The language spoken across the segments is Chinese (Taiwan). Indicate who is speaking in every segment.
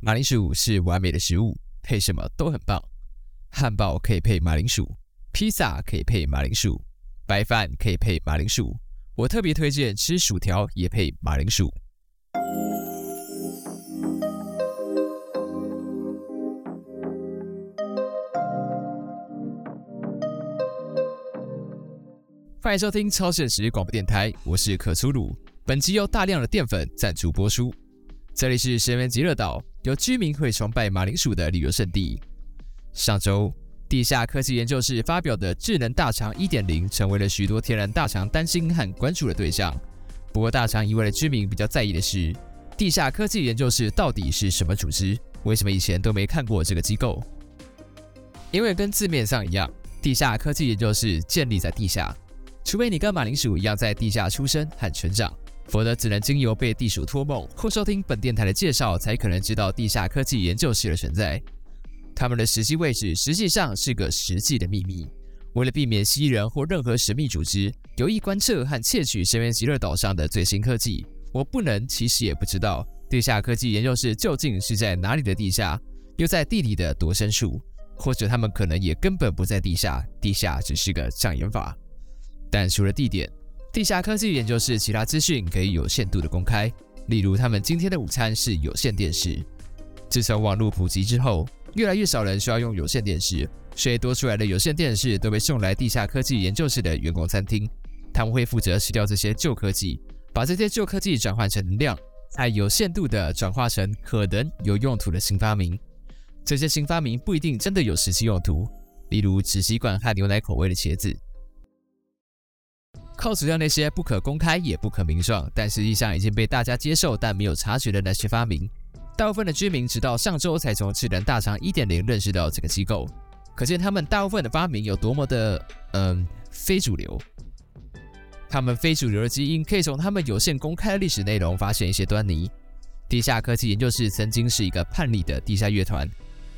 Speaker 1: 馬鈴薯是完美的食物，配什麼都很棒。漢堡可以配馬鈴薯，披薩可以配馬鈴薯，白飯可以配馬鈴薯。我特別推薦吃薯條也配馬鈴薯。歡迎收聽《超現實廣播電台》，我是可粗魯。本集由大量的澱粉贊助播出。這裡是深淵極樂島。有居民會崇拜馬鈴薯的旅遊勝地。上周，地下科技研究室發表的智能大腸1.0，成為了許多天然大腸擔心和關注的對象。不過，大腸以外的居民比較在意的是，地下科技研究室到底是什麼組織？為什麼以前都沒看過這個機構？因為跟字面上一樣，地下科技研究室建立在地下，除非你跟馬鈴薯一樣在地下出生和成長。否則，只能經由被地鼠托夢或收聽本電台的介紹，才可能知道地下科技研究室的存在。他們的實際位置實際上是個實際的秘密。為了避免蜥蜴人或任何神秘組織有意觀測和竊取深淵極樂島上的最新科技，我不能，其實也不知道地下科技研究室究竟是在哪裡的地下，又在地底的多深處，或者他們可能也根本不在地下，地下只是個障眼法。但除了地點。地下科技研究室其他資訊可以有限度的公開，例如他們今天的午餐是有線電視。自從網絡普及之後，越來越少人需要用有線電視，所以多出來的有線電視都被送來地下科技研究室的員工餐廳。他們會負責吃掉這些舊科技，把這些舊科技轉換成能量，再有限度的轉化成可能有用途的新發明。這些新發明不一定真的有實際用途，例如紙吸管和牛奶口味的茄子。靠，除掉那些不可公開也不可名狀，但實際上已經被大家接受但沒有察覺的那些發明。大部分的居民直到上周才從智能大腸一點零認識到這個機構，可見他們大部分的發明有多麼的嗯、呃、非主流。他們非主流的基因可以從他們有限公開的歷史內容發現一些端倪。地下科技研究室曾經是一個叛逆的地下樂團，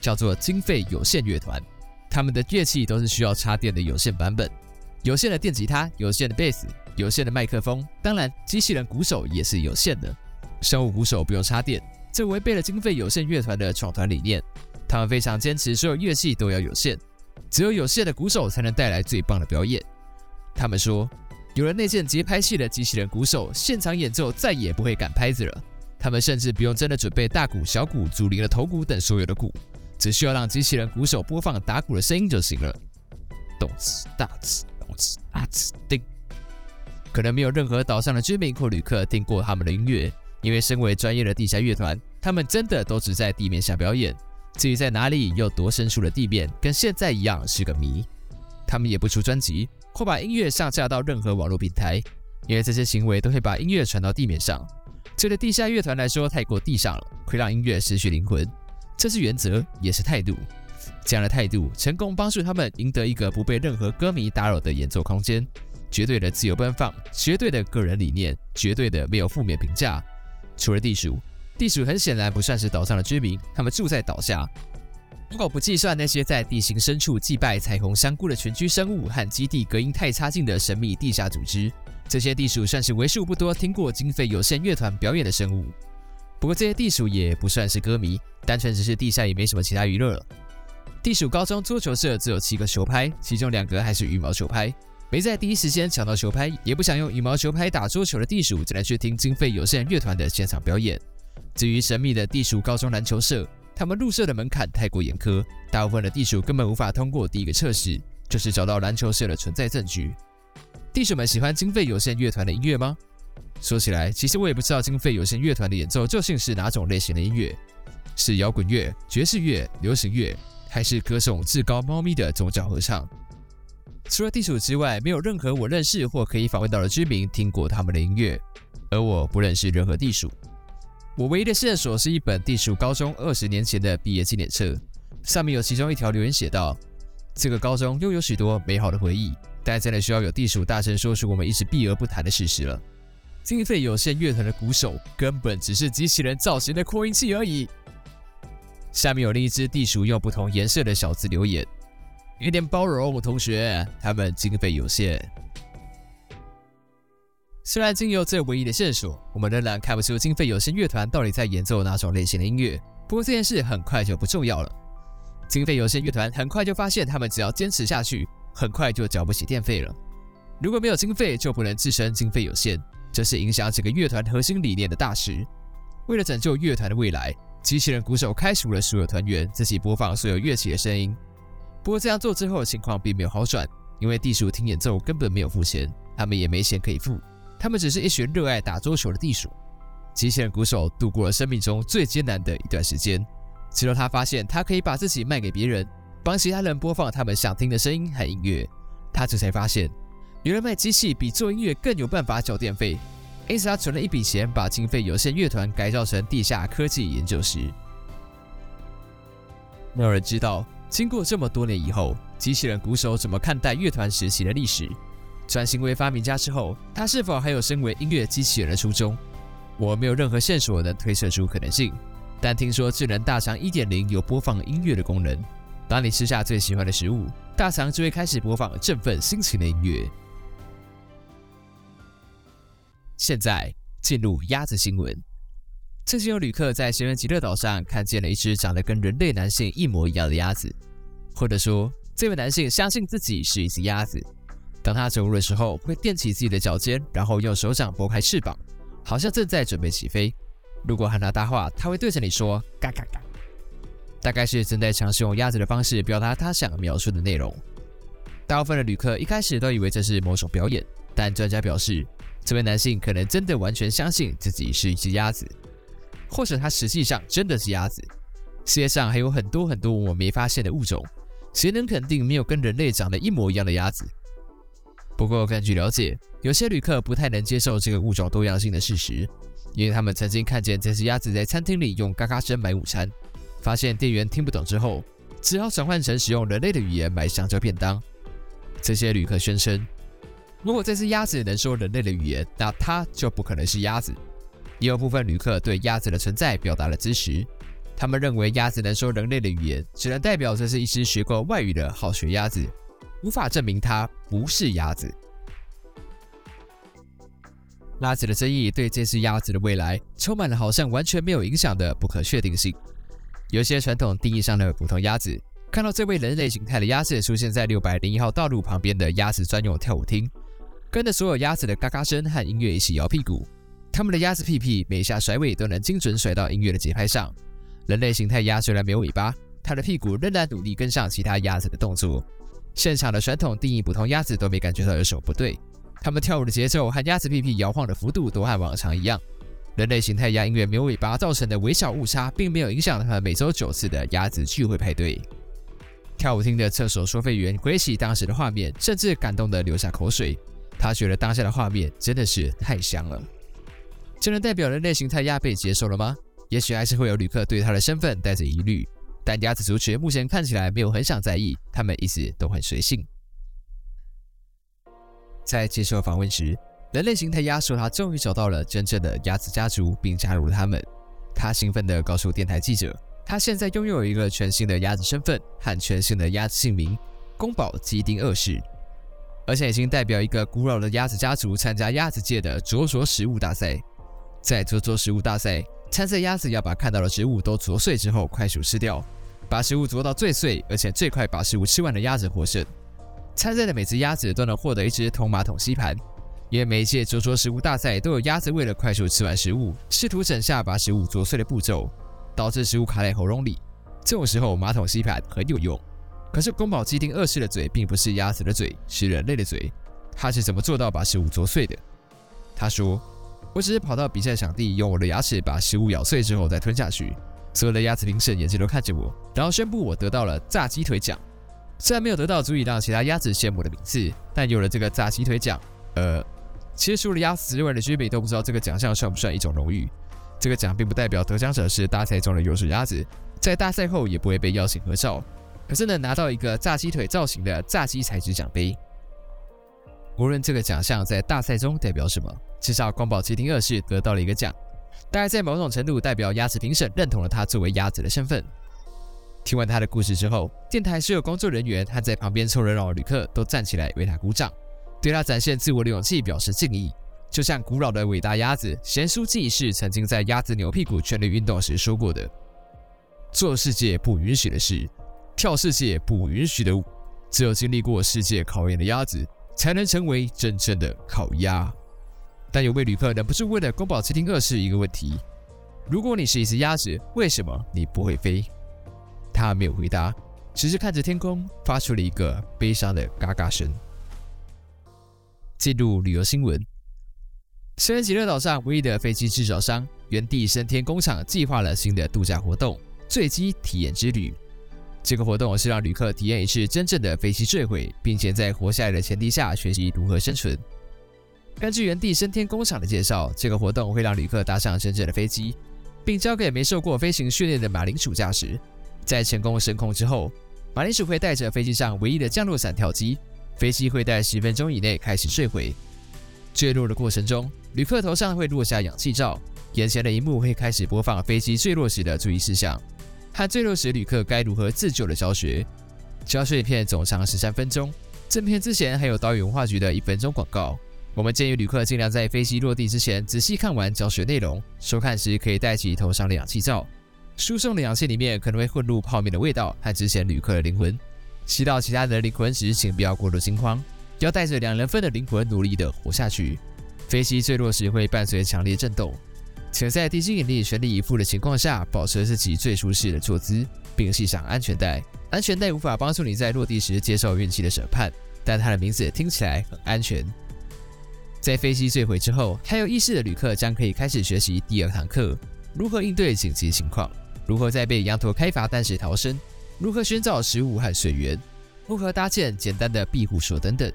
Speaker 1: 叫做經費有限樂團。他們的樂器都是需要插電的有線版本。有線的電吉他，有線的貝斯，有線的麥克風，當然機器人鼓手也是有線的。生物鼓手不用插電，這違背了經費有限樂團的創團理念。他們非常堅持所有樂器都要有線，只有有線的鼓手才能帶來最棒的表演。他們說，有了內建節拍器的機器人鼓手，現場演奏再也不會趕拍子了。他們甚至不用真的準備大鼓、小鼓、祖靈的頭鼓等所有的鼓，只需要讓機器人鼓手播放打鼓的聲音就行了。動次打次。可能沒有任何島上的居民或旅客聽過他們的音樂，因為身為專業的地下樂團，他們真的都只在地面下表演。至於在哪裡有多深處的地面，跟現在一樣是個謎。他們也不出專輯，或把音樂上架到任何網絡平台，因為這些行為都會把音樂傳到地面上。這對地下樂團來說太過地上了，會讓音樂失去靈魂。這是原則，也是態度。這樣的態度成功幫助他們贏得一個不被任何歌迷打擾的演奏空間，絕對的自由奔放，絕對的個人理念，絕對的沒有負面評價。除了地鼠，地鼠很顯然不算是島上的居民，他們住在島下。如果不計算那些在地形深處祭拜彩虹山谷的群居生物和基地隔音太差勁的神秘地下組織，這些地鼠算是為數不多聽過經費有限樂團表演的生物。不過這些地鼠也不算是歌迷，單純只是地下也沒什麼其他娛樂了。地鼠高中桌球社只有七個球拍，其中兩個還是羽毛球拍。沒在第一時間搶到球拍，也不想用羽毛球拍打桌球的地鼠，就來去聽經費有限樂團的現場表演。至於神秘的地鼠高中籃球社，他們入社的門檻太過嚴苛，大部分的地鼠根本無法通過第一個測試，就是找到籃球社的存在證據。地鼠們喜歡經費有限樂團的音樂嗎？說起來，其實我也不知道經費有限樂團的演奏究竟是哪種類型的音樂，是搖滾樂、爵士樂、流行樂？還是歌頌至高貓咪的宗教合唱？除了地鼠之外，沒有任何我認識或可以訪問到的居民聽過他們的音樂，而我不認識任何地鼠。我唯一的線索是一本地鼠高中二十年前的畢業紀念冊，上面有其中一條留言寫道：“這個高中擁有許多美好的回憶，但真的需要有地鼠大聲說出我們一直避而不談的事實了。”經費有限樂團的鼓手根本只是機器人造型的擴音器而已。下面有另一隻地鼠用不同顏色的小字留言：“有點包容，我同學，他們經費有限。”雖然經由這唯一的線索，我們仍然看不出經費有限樂團到底在演奏哪種類型的音樂，不過這件事很快就不重要了。經費有限樂團很快就發現，他們只要堅持下去，很快就繳不起電費了。如果沒有經費，就不能自稱經費有限，這是影響整個樂團核心理念的大事。為了拯救樂團的未來。機器人鼓手開除了所有團員，自己播放所有樂器的聲音。不過這樣做之後，情況並沒有好轉，因為地鼠聽演奏根本沒有付錢，他們也沒錢可以付，他們只是一群熱愛打桌球的地鼠。機器人鼓手度過了生命中最艱難的一段時間，直到他發現他可以把自己賣給別人，幫其他人播放他們想聽的聲音和音樂，他這才發現，原來賣機器比做音樂更有辦法繳電費。因此，他存了一筆錢，把經費有限樂團改造成地下科技研究室。沒有人知道，經過這麼多年以後，機器人鼓手怎麼看待樂團時期的歷史？轉型為發明家之後，他是否還有身為音樂機器人的初衷？我沒有任何線索能推測出可能性。但聽說智能大腸1.0有播放音樂的功能。當你吃下最喜歡的食物，大腸就會開始播放振奮心情的音樂。現在進入鴨子新聞。最近有旅客在深淵極樂島上看見了一隻長得跟人類男性一模一樣的鴨子，或者說，這位男性相信自己是一隻鴨子。當他走路的時候，會踮起自己的腳尖，然後用手掌撥開翅膀，好像正在準備起飛。如果喊他搭話，他會對着你說“嘎嘎嘎”，大概是正在嘗試用鴨子的方式表達他想描述的內容。大部分的旅客一開始都以為這是某種表演，但專家表示。這位男性可能真的完全相信自己是一隻鴨子，或者他實際上真的是鴨子。世界上還有很多很多我沒發現的物種，誰能肯定沒有跟人類長得一模一樣的鴨子？不過根據了解，有些旅客不太能接受這個物種多樣性的事實，因為他們曾經看見這隻鴨子在餐廳裡用嘎嘎聲買午餐，發現店員聽不懂之後，只好轉換成使用人類的語言買香蕉便當。這些旅客宣稱，如果這隻鴨子能說人類的語言，那它就不可能是鴨子。也有部分旅客對鴨子的存在表達了支持，他們認為鴨子能說人類的語言，只能代表這是一隻學過外語的好學鴨子，無法證明它不是鴨子。鴨子的爭議對這隻鴨子的未來充滿了好像完全沒有影響的不可確定性。有些傳統定義上的普通鴨子，看到這位人類形態的鴨子出現在六百零一號道路旁邊的鴨子專用跳舞廳，跟着所有鴨子的嘎嘎聲和音樂一起搖屁股，他們的鴨子屁屁每下甩尾都能精準甩到音樂的節拍上。人類形態鴨雖然沒有尾巴，它的屁股仍然努力跟上其他鴨子的動作。現場的傳統定義普通鴨子都沒感覺到有什麼不對，它們跳舞的節奏和鴨子屁屁搖晃的幅度都和往常一樣。人類形態鴨因為沒有尾巴造成的微小誤差，並沒有影響它們每週九次的鴨子聚會派對。跳舞廳的廁所收費員格瑞當時的畫面，甚至感動得流下口水。他覺得當下的畫面真的是太香了，這能代表人類形態鴨被接受了嗎？也許還是會有旅客對他的身份帶着疑慮，但鴨子族群目前看起來沒有很想在意，他們一直都很隨性。在接受訪問時，人類形態鴨說他終於找到了真正的鴨子家族，並加入了他們。他興奮地告訴電台記者，他現在擁有一個全新的鴨子身份和全新的鴨子姓名——宮保雞丁二世。而且已經代表一個古老的鴨子家族參加鴨子界的啄啄食物大賽。在啄啄食物大賽，參賽鴨子要把看到的食物都啄碎之後快速吃掉，把食物啄到最碎，而且最快把食物吃完的鴨子獲勝。參賽的每隻鴨子都能獲得一隻通馬桶吸盤。因為每一屆啄啄食物大賽都有鴨子為了快速吃完食物，試圖省下把食物啄碎的步驟，導致食物卡在喉嚨裡。這種時候，馬桶吸盤很有用。可是，宮保雞丁二世的嘴並不是鴨子的嘴，是人類的嘴。他是怎麼做到把食物啄碎的？他說：“我只是跑到比賽場地，用我的牙齒把食物咬碎之後再吞下去。所有的鴨子評審眼睛都看着我，然後宣布我得到了炸雞腿獎。雖然沒有得到足以讓其他鴨子羨慕的名次，但有了這個炸雞腿獎……呃，其實除了鴨子之外的居民都不知道這個獎項算不算一種榮譽。這個獎並不代表得獎者是大賽中的優秀鴨子，在大賽後也不會被邀請合照。”可是能拿到一個炸雞腿造型的炸雞材質獎杯，無論這個獎項在大賽中代表什麼，至少宮保雞丁二世得到了一個獎，大概在某種程度代表鴨子評審認同了他作為鴨子的身份。聽完他的故事之後，電台所有工作人員和在旁邊湊熱鬧的旅客都站起來為他鼓掌，對他展現自我的勇氣表示敬意，就像古老的偉大鴨子賢叔祭是曾經在鴨子扭屁股全力運動時說過的：“做世界不允許的事。”跳世界不允許的舞，只有經歷過世界考驗的鴨子，才能成為真正的烤鴨。但有位旅客忍不住問了宮保雞丁二世一個問題：如果你是一隻鴨子，為什麼你不會飛？他沒有回答，只是看着天空，發出了一個悲傷的嘎嘎聲。進入旅遊新聞：深淵極樂島上唯一的飛機制造商——原地升天工廠，計劃了新的度假活動——墜機體驗之旅。這個活動是讓旅客體驗一次真正的飛機墜毀，並且在活下來的前提下學習如何生存。根據原地升天工廠的介紹，這個活動會讓旅客搭上真正的飛機，並交給沒受過飛行訓練的馬鈴薯駕駛。在成功升空之後，馬鈴薯會帶着飛機上唯一的降落傘跳機，飛機會在十分鐘以內開始墜毀。墜落的過程中，旅客頭上會落下氧氣罩，眼前的螢幕會開始播放飛機墜落時的注意事項。和墜落時旅客該如何自救的教學。教學影片總長十三分鐘，正片之前還有島嶼文化局的一分鐘廣告。我們建議旅客盡量在飛機落地之前仔細看完教學內容。收看時可以戴起頭上的氧氣罩，輸送的氧氣裡面可能會混入泡麵的味道和之前旅客的靈魂。吸到其他人的靈魂時，請不要過度驚慌，要帶着兩人份的靈魂努力地活下去。飛機墜落時會伴隨強烈震動。且在地心引力全力以赴的情況下，保持自己最舒適的坐姿，並繫上安全帶。安全帶無法幫助你在落地時接受運氣的審判，但它的名字聽起來很安全。在飛機墜毀之後，還有意識的旅客將可以開始學習第二堂課：如何應對緊急情況，如何在被羊駝開罰單時逃生，如何尋找食物和水源，如何搭建簡單的庇護所等等。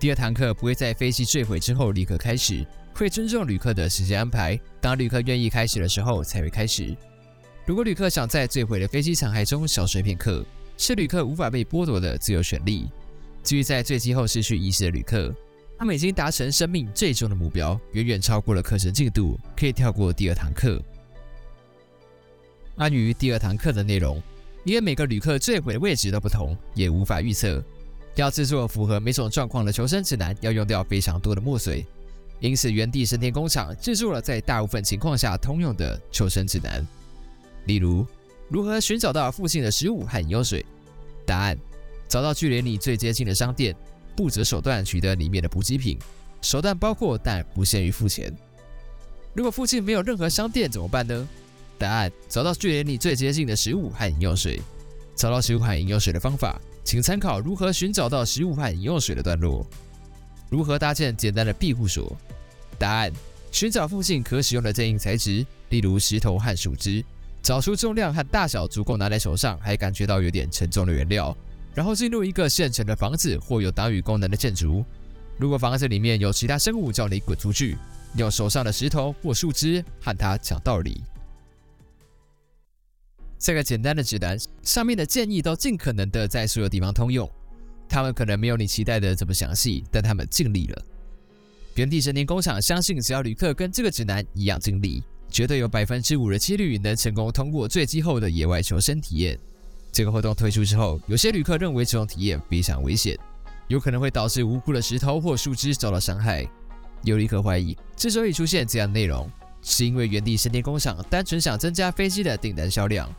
Speaker 1: 第二堂課不會在飛機墜毀之後立刻開始。會尊重旅客的時間安排，當旅客願意開始的時候才會開始。如果旅客想在墜毀的飛機殘骸中小睡片刻，是旅客無法被剝奪的自由權利。至於在墜機後失去意識的旅客，他們已經達成生命最終的目標，遠遠超過了課程進度，可以跳過第二堂課。關於第二堂課的內容，因為每個旅客墜毀的位置都不同，也無法預測。要制作符合每種狀況的求生指南，要用掉非常多的墨水。因此，原地升天工廠製作了在大部分情況下通用的求生指南，例如如何尋找到附近的食物和飲用水。答案：找到距離你最接近的商店，不擇手段取得裡面的補給品，手段包括但不限於付錢。如果附近沒有任何商店怎麼辦呢？答案：找到距離你最接近的食物和飲用水。找到食物和飲用水的方法，請參考如何尋找到食物和飲用水的段落。如何搭建簡單的庇護所？答案：尋找附近可使用的堅硬材質，例如石頭和樹枝，找出重量和大小足夠拿在手上還感覺到有點沉重的原料，然後進入一個現成的房子或有擋雨功能的建築。如果房子裡面有其他生物叫你滾出去，用手上的石頭或樹枝和它講道理。這個簡單的指南上面的建議都盡可能的在所有地方通用，他們可能沒有你期待的這麼詳細，但他們盡力了。原地神田工廠相信，只要旅客跟這個指南一樣經歷，絕對有百分之五的幾率能成功通過墜機後的野外求生體驗。這個活動推出之後，有些旅客認為這種體驗非常危險，有可能會導致無辜的石頭或樹枝遭到傷害。有旅客懷疑，之所以出現這樣的內容，是因為原地神田工廠單純想增加飛機的訂單銷量。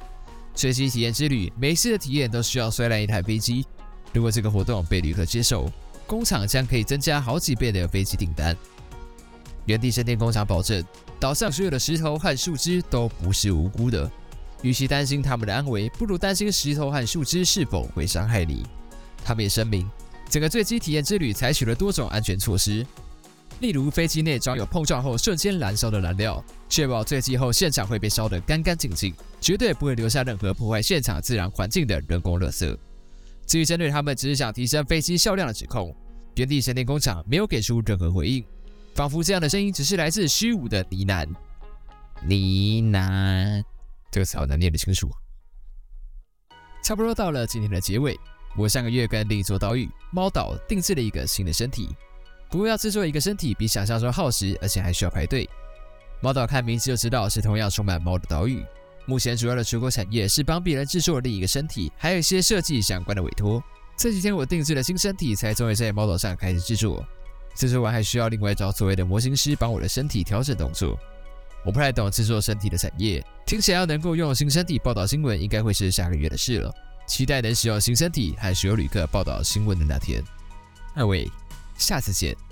Speaker 1: 墜機體驗之旅，每一次的體驗都需要摔爛一台飛機。如果這個活動被旅客接受，工廠將可以增加好幾倍的飛機訂單。原地升天工廠保證，島上所有的石頭和樹枝都不是無辜的。與其擔心他們的安危，不如擔心石頭和樹枝是否會傷害你。他們也聲明，整個墜機體驗之旅採取了多種安全措施，例如飛機內裝有碰撞後瞬間燃燒的燃料，確保墜機後現場會被燒得乾乾淨淨，絕對不會留下任何破壞現場自然環境的人工垃圾。至於針對他們只是想提升飛機銷量的指控，原地神殿工廠沒有給出任何回應，仿佛這樣的聲音只是來自虛無的呢喃。呢喃，這個詞好難念得清楚。差不多到了今天的結尾，我上個月跟另一座島嶼貓島定制了一個新的身體，不過要製作一個身體比想象中耗時，而且還需要排隊。貓島看名字就知道是同樣充滿貓的島嶼。目前主要的直播產業是幫別人制作的另一個身體，還有一些設計相關的委托。這幾天我定制了新身體，才終於在 model 上開始制作。制作完還需要另外找所謂的模型師幫我的身體調整動作。我不太懂制作身體的產業，聽起來要能夠用新身體報道新聞，應該會是下個月的事了。期待能使用新身體，還是有旅客報道新聞的那天。二位，下次見。